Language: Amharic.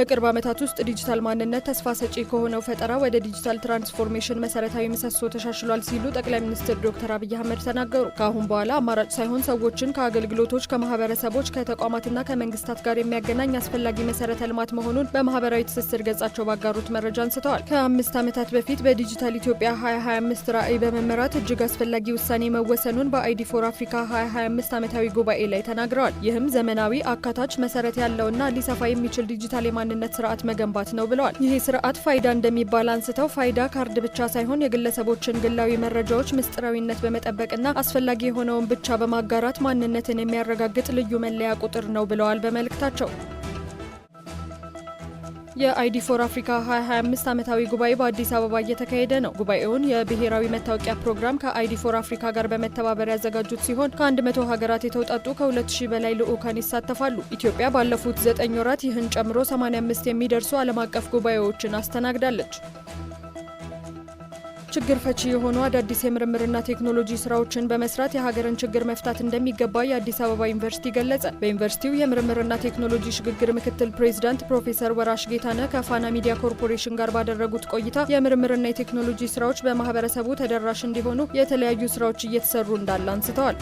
በቅርብ ዓመታት ውስጥ ዲጂታል ማንነት ተስፋ ሰጪ ከሆነው ፈጠራ ወደ ዲጂታል ትራንስፎርሜሽን መሰረታዊ ምሰሶ ተሻሽሏል ሲሉ ጠቅላይ ሚኒስትር ዶክተር አብይ አህመድ ተናገሩ። ከአሁን በኋላ አማራጭ ሳይሆን ሰዎችን ከአገልግሎቶች፣ ከማህበረሰቦች፣ ከተቋማትና ከመንግስታት ጋር የሚያገናኝ አስፈላጊ መሰረተ ልማት መሆኑን በማህበራዊ ትስስር ገጻቸው ባጋሩት መረጃ አንስተዋል። ከአምስት ዓመታት በፊት በዲጂታል ኢትዮጵያ 2025 ራዕይ በመመራት እጅግ አስፈላጊ ውሳኔ መወሰኑን በአይዲ ፎር አፍሪካ 2025 ዓመታዊ ጉባኤ ላይ ተናግረዋል። ይህም ዘመናዊ፣ አካታች፣ መሰረት ያለውና ሊሰፋ የሚችል ዲጂታል የማ የማንነት ስርዓት መገንባት ነው ብለዋል። ይህ ስርዓት ፋይዳ እንደሚባል አንስተው ፋይዳ ካርድ ብቻ ሳይሆን የግለሰቦችን ግላዊ መረጃዎች ምስጢራዊነት በመጠበቅና አስፈላጊ የሆነውን ብቻ በማጋራት ማንነትን የሚያረጋግጥ ልዩ መለያ ቁጥር ነው ብለዋል በመልእክታቸው። የአይዲ ፎር አፍሪካ 2025 ዓመታዊ ጉባኤ በአዲስ አበባ እየተካሄደ ነው። ጉባኤውን የብሔራዊ መታወቂያ ፕሮግራም ከአይዲ ፎር አፍሪካ ጋር በመተባበር ያዘጋጁት ሲሆን ከ100 ሀገራት የተውጣጡ ከ200 በላይ ልዑካን ይሳተፋሉ። ኢትዮጵያ ባለፉት 9 ወራት ይህን ጨምሮ 85 የሚደርሱ ዓለም አቀፍ ጉባኤዎችን አስተናግዳለች። ችግር ፈቺ የሆኑ አዳዲስ የምርምርና ቴክኖሎጂ ስራዎችን በመስራት የሀገርን ችግር መፍታት እንደሚገባ የአዲስ አበባ ዩኒቨርሲቲ ገለጸ። በዩኒቨርሲቲው የምርምርና ቴክኖሎጂ ሽግግር ምክትል ፕሬዚዳንት ፕሮፌሰር ወራሽ ጌታነ ከፋና ሚዲያ ኮርፖሬሽን ጋር ባደረጉት ቆይታ የምርምርና የቴክኖሎጂ ስራዎች በማህበረሰቡ ተደራሽ እንዲሆኑ የተለያዩ ስራዎች እየተሰሩ እንዳለ አንስተዋል።